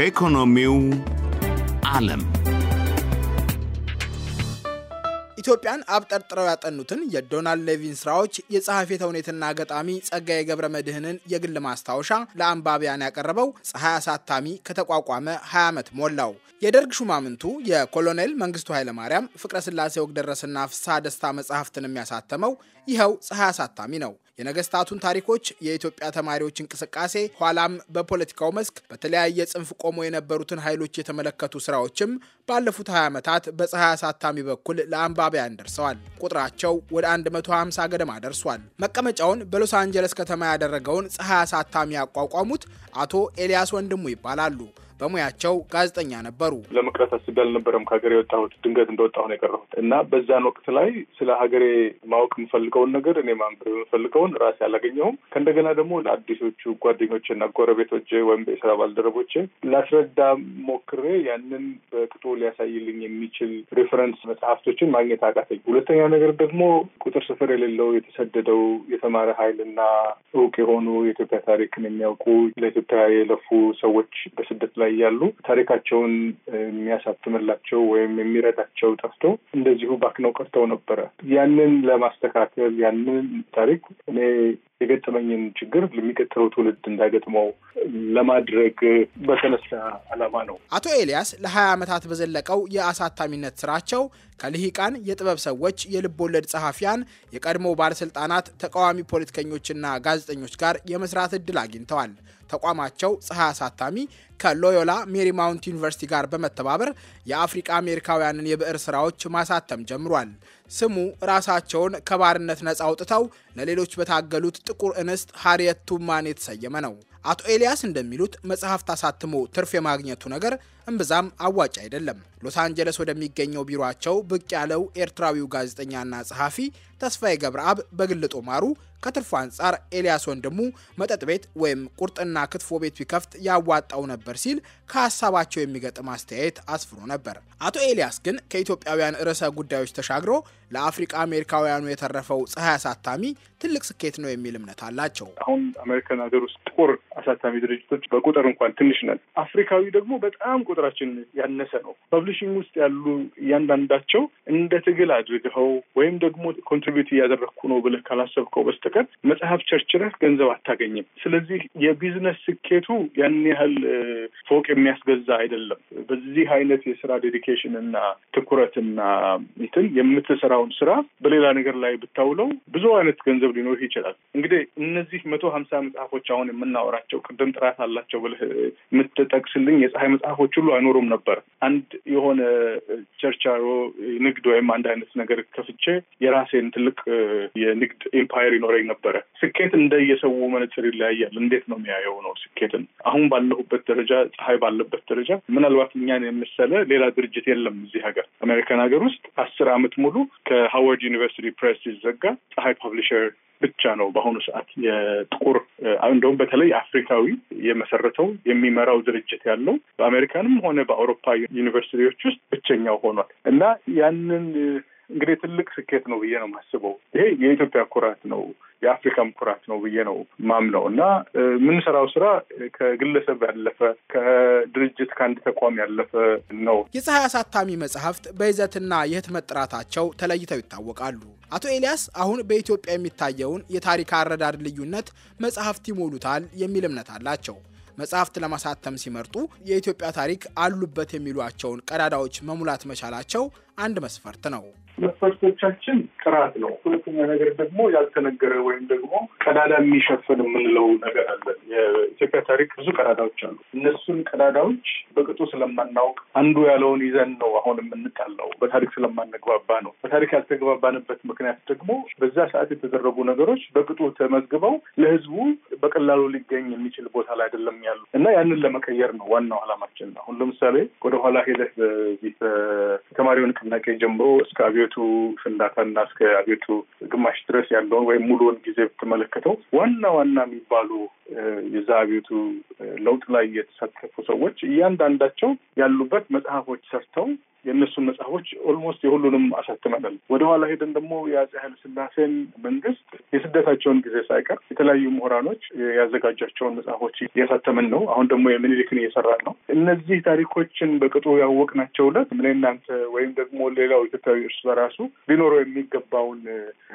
ከኢኮኖሚው ዓለም ኢትዮጵያን አብጠርጥረው ያጠኑትን የዶናልድ ሌቪን ስራዎች የጸሐፊ ተውኔትና ገጣሚ ጸጋዬ ገብረ መድህንን የግል ማስታወሻ ለአንባቢያን ያቀረበው ፀሐይ አሳታሚ ከተቋቋመ 20 ዓመት ሞላው። የደርግ ሹማምንቱ የኮሎኔል መንግስቱ ኃይለማርያም፣ ፍቅረ ስላሴ ወግደረስና ፍስሐ ደስታ መጽሐፍትን የሚያሳተመው ይኸው ፀሐይ አሳታሚ ነው። የነገስታቱን ታሪኮች፣ የኢትዮጵያ ተማሪዎች እንቅስቃሴ፣ ኋላም በፖለቲካው መስክ በተለያየ ጽንፍ ቆሞ የነበሩትን ኃይሎች የተመለከቱ ስራዎችም ባለፉት 20 ዓመታት በፀሐይ አሳታሚ በኩል ለአንባቢያን ደርሰዋል። ቁጥራቸው ወደ 150 ገደማ ደርሷል። መቀመጫውን በሎስ አንጀለስ ከተማ ያደረገውን ፀሐይ አሳታሚ ያቋቋሙት አቶ ኤልያስ ወንድሙ ይባላሉ። በሙያቸው ጋዜጠኛ ነበሩ። ለመቅረት አስቤ አልነበረም ከሀገር የወጣሁት ድንገት እንደወጣሁ ነው የቀረሁት እና በዛን ወቅት ላይ ስለ ሀገሬ ማወቅ የምፈልገውን ነገር እኔ ማንበብ የምፈልገውን ራሴ አላገኘሁም። ከእንደገና ደግሞ ለአዲሶቹ ጓደኞችና ጎረቤቶቼ ወይም የስራ ባልደረቦቼ ላስረዳ ሞክሬ ያንን በቅጡ ሊያሳይልኝ የሚችል ሬፈረንስ መጽሐፍቶችን ማግኘት አቃተኝ። ሁለተኛ ነገር ደግሞ ቁጥር ስፍር የሌለው የተሰደደው የተማረ ኃይልና እውቅ የሆኑ የኢትዮጵያ ታሪክን የሚያውቁ ለኢትዮጵያ የለፉ ሰዎች በስደት ላይ ላይ ያሉ ታሪካቸውን የሚያሳትምላቸው ወይም የሚረዳቸው ጠፍቶ እንደዚሁ ባክነው ቀርተው ነበረ። ያንን ለማስተካከል ያንን ታሪክ እኔ የገጠመኝን ችግር ለሚቀጥለው ትውልድ እንዳይገጥመው ለማድረግ በተነሳ ዓላማ ነው። አቶ ኤልያስ ለሀያ ዓመታት በዘለቀው የአሳታሚነት ስራቸው ከልሂቃን የጥበብ ሰዎች፣ የልብ ወለድ ጸሐፊያን፣ የቀድሞ ባለስልጣናት፣ ተቃዋሚ ፖለቲከኞችና ጋዜጠኞች ጋር የመስራት እድል አግኝተዋል። ተቋማቸው ፀሐይ አሳታሚ ከሎዮላ ሜሪማውንት ዩኒቨርሲቲ ጋር በመተባበር የአፍሪቃ አሜሪካውያንን የብዕር ስራዎች ማሳተም ጀምሯል። ስሙ ራሳቸውን ከባርነት ነፃ አውጥተው ለሌሎች በታገሉት ጥቁር እንስት ሃሪየት ቱማን የተሰየመ ነው። አቶ ኤልያስ እንደሚሉት መጽሐፍት አሳትሞ ትርፍ የማግኘቱ ነገር እምብዛም አዋጭ አይደለም። ሎስ አንጀለስ ወደሚገኘው ቢሮቸው ብቅ ያለው ኤርትራዊው ጋዜጠኛና ጸሐፊ ተስፋዬ ገብረአብ በግል ጦማሩ ከትርፉ አንጻር ኤልያስ ወንድሙ መጠጥ ቤት ወይም ቁርጥና ክትፎ ቤት ቢከፍት ያዋጣው ነበር ሲል ከሀሳባቸው የሚገጥም አስተያየት አስፍሮ ነበር። አቶ ኤልያስ ግን ከኢትዮጵያውያን ርዕሰ ጉዳዮች ተሻግሮ ለአፍሪቃ አሜሪካውያኑ የተረፈው ፀሐይ አሳታሚ ትልቅ ስኬት ነው የሚል እምነት አላቸው። አሁን አሜሪካን ሀገር ውስጥ ጥቁር አሳታሚ ድርጅቶች በቁጥር እንኳን ትንሽ ነን። አፍሪካዊ ደግሞ በጣም ቁጥራችን ያነሰ ነው። ፐብሊሽንግ ውስጥ ያሉ እያንዳንዳቸው እንደ ትግል አድርገው ወይም ደግሞ ኮንትሪቢዩት እያደረግኩ ነው ብለህ ካላሰብከው በስተቀር መጽሐፍ ቸርችረህ ገንዘብ አታገኝም። ስለዚህ የቢዝነስ ስኬቱ ያን ያህል ፎቅ የሚያስገዛ አይደለም። በዚህ አይነት የስራ ዴዲኬሽን እና ትኩረትና እንትን የምትሰራ የምትሰራውን ስራ በሌላ ነገር ላይ ብታውለው ብዙ አይነት ገንዘብ ሊኖር ይችላል። እንግዲህ እነዚህ መቶ ሀምሳ መጽሐፎች አሁን የምናወራቸው ቅድም ጥራት አላቸው ብለህ የምትጠቅስልኝ የፀሐይ መጽሐፎች ሁሉ አይኖሩም ነበር። አንድ የሆነ ቸርቻሮ ንግድ ወይም አንድ አይነት ነገር ከፍቼ የራሴን ትልቅ የንግድ ኢምፓየር ይኖረኝ ነበረ። ስኬት እንደየሰው መነጽር ይለያያል። እንዴት ነው የሚያየው ነው ስኬትን። አሁን ባለሁበት ደረጃ ፀሐይ ባለበት ደረጃ ምናልባት እኛን የመሰለ ሌላ ድርጅት የለም እዚህ ሀገር አሜሪካን ሀገር ውስጥ አስር አመት ሙሉ ከሃዋርድ ዩኒቨርሲቲ ፕሬስ ሲዘጋ ፀሐይ ፐብሊሸር ብቻ ነው በአሁኑ ሰዓት የጥቁር እንደውም በተለይ አፍሪካዊ የመሰረተው የሚመራው ድርጅት ያለው በአሜሪካንም ሆነ በአውሮፓ ዩኒቨርሲቲዎች ውስጥ ብቸኛው ሆኗል እና ያንን እንግዲህ ትልቅ ስኬት ነው ብዬ ነው የማስበው። ይሄ የኢትዮጵያ ኩራት ነው። የአፍሪካ ምኩራት ነው ብዬ ነው ማምነው እና የምንሰራው ስራ ከግለሰብ ያለፈ ከድርጅት ከአንድ ተቋም ያለፈ ነው። የፀሐይ አሳታሚ መጽሐፍት በይዘትና የህትመት ጥራታቸው ተለይተው ይታወቃሉ። አቶ ኤልያስ አሁን በኢትዮጵያ የሚታየውን የታሪክ አረዳድ ልዩነት መጽሐፍት ይሞሉታል የሚል እምነት አላቸው። መጽሐፍት ለማሳተም ሲመርጡ የኢትዮጵያ ታሪክ አሉበት የሚሏቸውን ቀዳዳዎች መሙላት መቻላቸው አንድ መስፈርት ነው። መስፈርቶቻችን ጥራት ነው። ሁለተኛ ነገር ደግሞ ያልተነገረ ወይም ደግሞ ቀዳዳ የሚሸፍን የምንለው ነገር አለ። የኢትዮጵያ ታሪክ ብዙ ቀዳዳዎች አሉ። እነሱን ቀዳዳዎች በቅጡ ስለማናውቅ አንዱ ያለውን ይዘን ነው አሁን የምንጣለው። በታሪክ ስለማንግባባ ነው። በታሪክ ያልተግባባንበት ምክንያት ደግሞ በዛ ሰዓት የተደረጉ ነገሮች በቅጡ ተመዝግበው ለህዝቡ። በቀላሉ ሊገኝ የሚችል ቦታ ላይ አይደለም ያሉ እና ያንን ለመቀየር ነው ዋናው አላማችን። አሁን ለምሳሌ ወደኋላ ሄደህ በዚህ ተማሪውን ንቅናቄ ጀምሮ እስከ አብዮቱ ፍንዳታና እስከ አብዮቱ ግማሽ ድረስ ያለውን ወይም ሙሉውን ጊዜ ብትመለከተው ዋና ዋና የሚባሉ የዛ አብዮቱ ለውጥ ላይ የተሳተፉ ሰዎች እያንዳንዳቸው ያሉበት መጽሐፎች ሰርተው የእነሱን መጽሐፎች ኦልሞስት የሁሉንም አሳትመናል። ወደኋላ ሄደን ደግሞ የአፄ ኃይለ ስላሴን መንግስት የስደታቸውን ጊዜ ሳይቀር የተለያዩ ምሁራኖች ያዘጋጃቸውን መጽሐፎች እያሳተምን ነው። አሁን ደግሞ የምኒልክን እየሰራን ነው። እነዚህ ታሪኮችን በቅጡ ያወቅናቸው ዕለት ምን እናንተ ወይም ደግሞ ሌላው ኢትዮጵያዊ እርስ በራሱ ሊኖረው የሚገባውን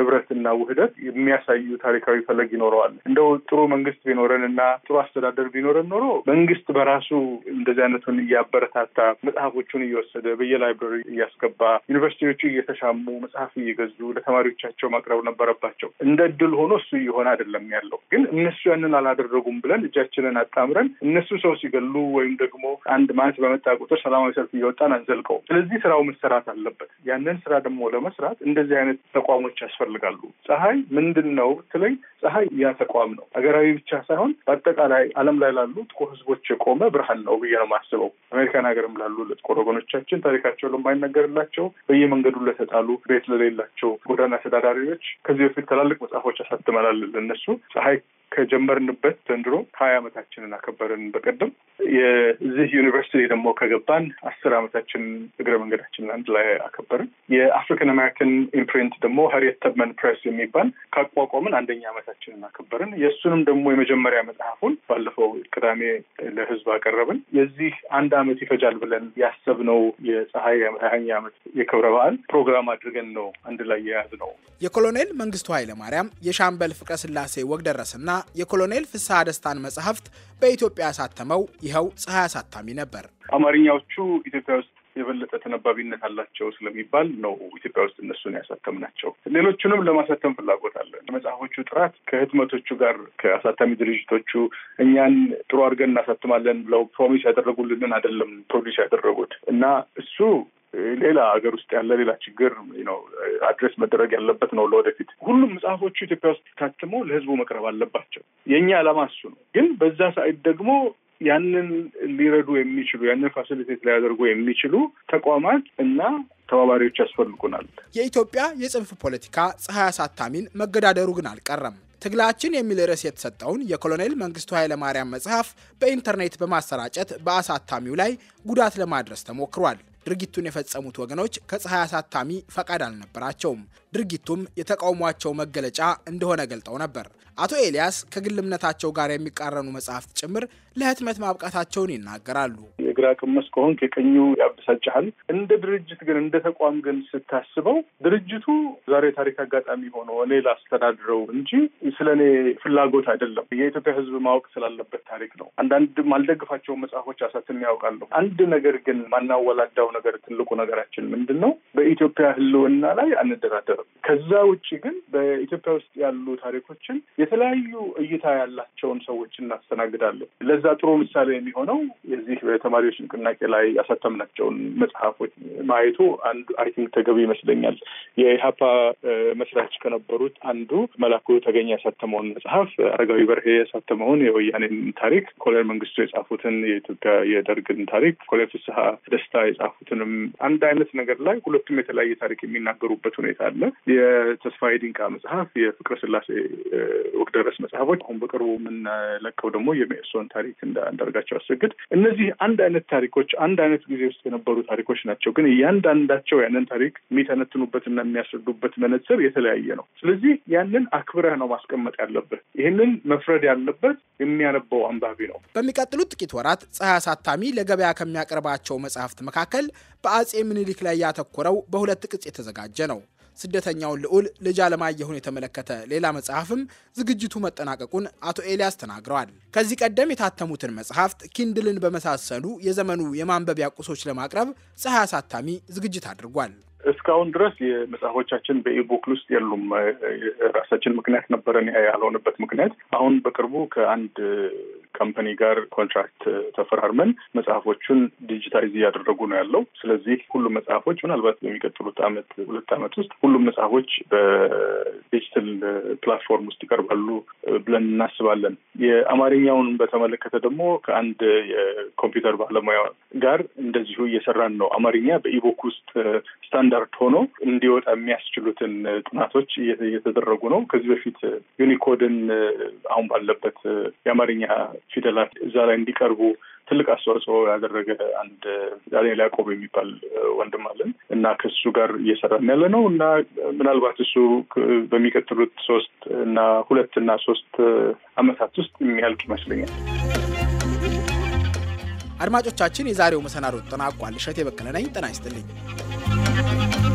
ህብረትና ውህደት የሚያሳዩ ታሪካዊ ፈለግ ይኖረዋል። እንደው ጥሩ መንግስት ቢኖረን እና ጥሩ አስተዳደር ቢኖረን ኖሮ መንግስት በራሱ እንደዚህ አይነቱን እያበረታታ መጽሐፎቹን እየወሰደ በየላይብረሪ እያስገባ ዩኒቨርሲቲዎቹ እየተሻሙ መጽሐፍ እየገዙ ለተማሪዎቻቸው ማቅረብ ነበረባቸው። እንደ እድል ሆኖ እሱ እየሆነ አይደለም ያለው። ግን እነሱ ያንን አላደረጉም ብለን እጃችንን አጣምረን እነሱ ሰው ሲገሉ ወይም ደግሞ አንድ ማለት በመጣ ቁጥር ሰላማዊ ሰልፍ እየወጣን አንዘልቀው። ስለዚህ ስራው መሰራት አለበት። ያንን ስራ ደግሞ ለመስራት እንደዚህ አይነት ተቋሞች ያስፈልጋሉ። ፀሐይ ምንድን ነው ብትለኝ፣ ፀሐይ ያ ተቋም ነው። ሀገራዊ ብቻ ሳይሆን በአጠቃላይ ዓለም ላይ ላሉ ጥቁር ህዝቦች የቆመ ብርሃን ነው ብዬ ነው የማስበው። አሜሪካን ሀገርም ላሉ ለጥቁር ወገኖቻችን ታሪካቸው ለማይነገርላቸው በየመንገዱ ለተጣሉ ቤት ለሌላቸው ጎዳና ተዳዳሪዎች ከዚህ በፊት ትላልቅ መጽሐፎች አሳትመናል። ለነሱ ፀሐይ ከጀመርንበት ዘንድሮ ሀያ ዓመታችንን አከበርን በቀደም። የዚህ ዩኒቨርሲቲ ደግሞ ከገባን አስር ዓመታችን እግረ መንገዳችንን አንድ ላይ አከበርን። የአፍሪካን አሜሪካን ኢምፕሪንት ደግሞ ሀሪየት ተብመን ፕሬስ የሚባል ካቋቋምን አንደኛ ዓመታችንን አከበርን። የእሱንም ደግሞ የመጀመ የመጀመሪያ መጽሐፉን ባለፈው ቅዳሜ ለህዝብ አቀረብን። የዚህ አንድ አመት ይፈጃል ብለን ያሰብነው የፀሐይ ሀያኛ ዓመት የክብረ በዓል ፕሮግራም አድርገን ነው አንድ ላይ የያዝ ነው። የኮሎኔል መንግስቱ ኃይለማርያም የሻምበል ፍቅረ ስላሴ ወግደረስና የኮሎኔል ፍስሐ ደስታን መጽሐፍት በኢትዮጵያ ያሳተመው ይኸው ፀሐይ አሳታሚ ነበር። አማርኛዎቹ ኢትዮጵያ ውስጥ የበለጠ ተነባቢነት አላቸው ስለሚባል ነው ኢትዮጵያ ውስጥ እነሱን ያሳተምናቸው። ሌሎቹንም ለማሳተም ፍላጎት አለ። መጽሐፎቹ ጥራት ከህትመቶቹ ጋር ከአሳታሚ ድርጅቶቹ እኛን ጥሩ አድርገን እናሳትማለን ብለው ፕሮሚስ ያደረጉልንን አይደለም ፕሮዲስ ያደረጉት እና እሱ ሌላ ሀገር ውስጥ ያለ ሌላ ችግር ነው አድሬስ መደረግ ያለበት ነው። ለወደፊት ሁሉም መጽሐፎቹ ኢትዮጵያ ውስጥ ታትመው ለህዝቡ መቅረብ አለባቸው። የእኛ ዓላማ እሱ ነው። ግን በዛ ሰዓት ደግሞ ያንን ሊረዱ የሚችሉ ያንን ፋሲሊቴት ሊያደርጉ የሚችሉ ተቋማት እና ተባባሪዎች ያስፈልጉናል። የኢትዮጵያ የጽንፍ ፖለቲካ ፀሐይ አሳታሚን መገዳደሩ ግን አልቀረም። ትግላችን የሚል ርዕስ የተሰጠውን የኮሎኔል መንግስቱ ኃይለማርያም መጽሐፍ በኢንተርኔት በማሰራጨት በአሳታሚው ላይ ጉዳት ለማድረስ ተሞክሯል። ድርጊቱን የፈጸሙት ወገኖች ከፀሐይ አሳታሚ ፈቃድ አልነበራቸውም። ድርጊቱም የተቃውሟቸው መገለጫ እንደሆነ ገልጠው ነበር። አቶ ኤልያስ ከግልምነታቸው ጋር የሚቃረኑ መጽሐፍት ጭምር ለህትመት ማብቃታቸውን ይናገራሉ። የግራ ቅመስ ከሆንክ የቀኙ ያበሳጭሃል። እንደ ድርጅት ግን እንደ ተቋም ግን ስታስበው ድርጅቱ ዛሬ ታሪክ አጋጣሚ ሆኖ እኔ ላስተዳድረው እንጂ ስለ እኔ ፍላጎት አይደለም። የኢትዮጵያ ሕዝብ ማወቅ ስላለበት ታሪክ ነው። አንዳንድ ማልደግፋቸውን መጽሐፎች አሳትም ያውቃለሁ። አንድ ነገር ግን ማናወላዳው ነገር ትልቁ ነገራችን ምንድን ነው? በኢትዮጵያ ሕልውና ላይ አንደራደርም። ከዛ ውጭ ግን በኢትዮጵያ ውስጥ ያሉ ታሪኮችን የተለያዩ እይታ ያላቸውን ሰዎች እናስተናግዳለን። ለዛ ጥሩ ምሳሌ የሚሆነው የዚህ በተማሪዎች ንቅናቄ ላይ ያሳተምናቸውን መጽሐፎች ማየቱ አንዱ አይ ቲንክ ተገቢ ይመስለኛል። የኢህአፓ መስራች ከነበሩት አንዱ መላኩ ተገኘ ያሳተመውን መጽሐፍ፣ አረጋዊ በርሄ ያሳተመውን የወያኔን ታሪክ፣ ኮሎኔል መንግስቱ የጻፉትን የኢትዮጵያ የደርግን ታሪክ፣ ኮሎኔል ፍስሀ ደስታ የጻፉትንም አንድ አይነት ነገር ላይ ሁለቱም የተለያየ ታሪክ የሚናገሩበት ሁኔታ አለ። የተስፋዬ ዲንቃ መጽሐፍ የፍቅረ ስላሴ ወቅት ደረስ መጽሐፎች፣ አሁን በቅርቡ የምንለቀው ደግሞ የሜሶን ታሪክ እንደ አንዳርጋቸው እነዚህ አንድ አይነት ታሪኮች አንድ አይነት ጊዜ ውስጥ የነበሩ ታሪኮች ናቸው። ግን እያንዳንዳቸው ያንን ታሪክ የሚተነትኑበትና የሚያስረዱበት መነጽር የተለያየ ነው። ስለዚህ ያንን አክብረህ ነው ማስቀመጥ ያለብህ። ይህንን መፍረድ ያለበት የሚያነበው አንባቢ ነው። በሚቀጥሉት ጥቂት ወራት ፀሐይ አሳታሚ ለገበያ ከሚያቀርባቸው መጽሐፍት መካከል በአጼ ምኒልክ ላይ ያተኮረው በሁለት ቅጽ የተዘጋጀ ነው። ስደተኛውን ልዑል ልጅ አለማየሁን የተመለከተ ሌላ መጽሐፍም ዝግጅቱ መጠናቀቁን አቶ ኤልያስ ተናግረዋል። ከዚህ ቀደም የታተሙትን መጽሐፍት ኪንድልን በመሳሰሉ የዘመኑ የማንበቢያ ቁሶች ለማቅረብ ፀሐይ አሳታሚ ዝግጅት አድርጓል። እስካሁን ድረስ የመጽሐፎቻችን በኢቡክ ውስጥ የሉም። ራሳችን ምክንያት ነበረን ያልሆነበት ምክንያት። አሁን በቅርቡ ከአንድ ካምፓኒ ጋር ኮንትራክት ተፈራርመን መጽሐፎቹን ዲጂታይዝ እያደረጉ ነው ያለው። ስለዚህ ሁሉም መጽሐፎች ምናልባት በሚቀጥሉት አመት ሁለት አመት ውስጥ ሁሉም መጽሐፎች በዲጂታል ፕላትፎርም ውስጥ ይቀርባሉ ብለን እናስባለን። የአማርኛውን በተመለከተ ደግሞ ከአንድ የኮምፒውተር ባለሙያ ጋር እንደዚሁ እየሰራን ነው። አማርኛ በኢቡክ ውስጥ ስታንድ ስታንዳርድ ሆኖ እንዲወጣ የሚያስችሉትን ጥናቶች እየተደረጉ ነው። ከዚህ በፊት ዩኒኮድን አሁን ባለበት የአማርኛ ፊደላት እዛ ላይ እንዲቀርቡ ትልቅ አስተዋጽኦ ያደረገ አንድ ዳንኤል ያቆብ የሚባል ወንድም አለን እና ከሱ ጋር እየሰራን ያለ ነው እና ምናልባት እሱ በሚቀጥሉት ሶስት እና ሁለት እና ሶስት አመታት ውስጥ የሚያልቅ ይመስለኛል። አድማጮቻችን፣ የዛሬው መሰናዶ ተጠናቋል። እሸቴ በቀለ ነኝ። ጤና ይስጥልኝ። Thank you.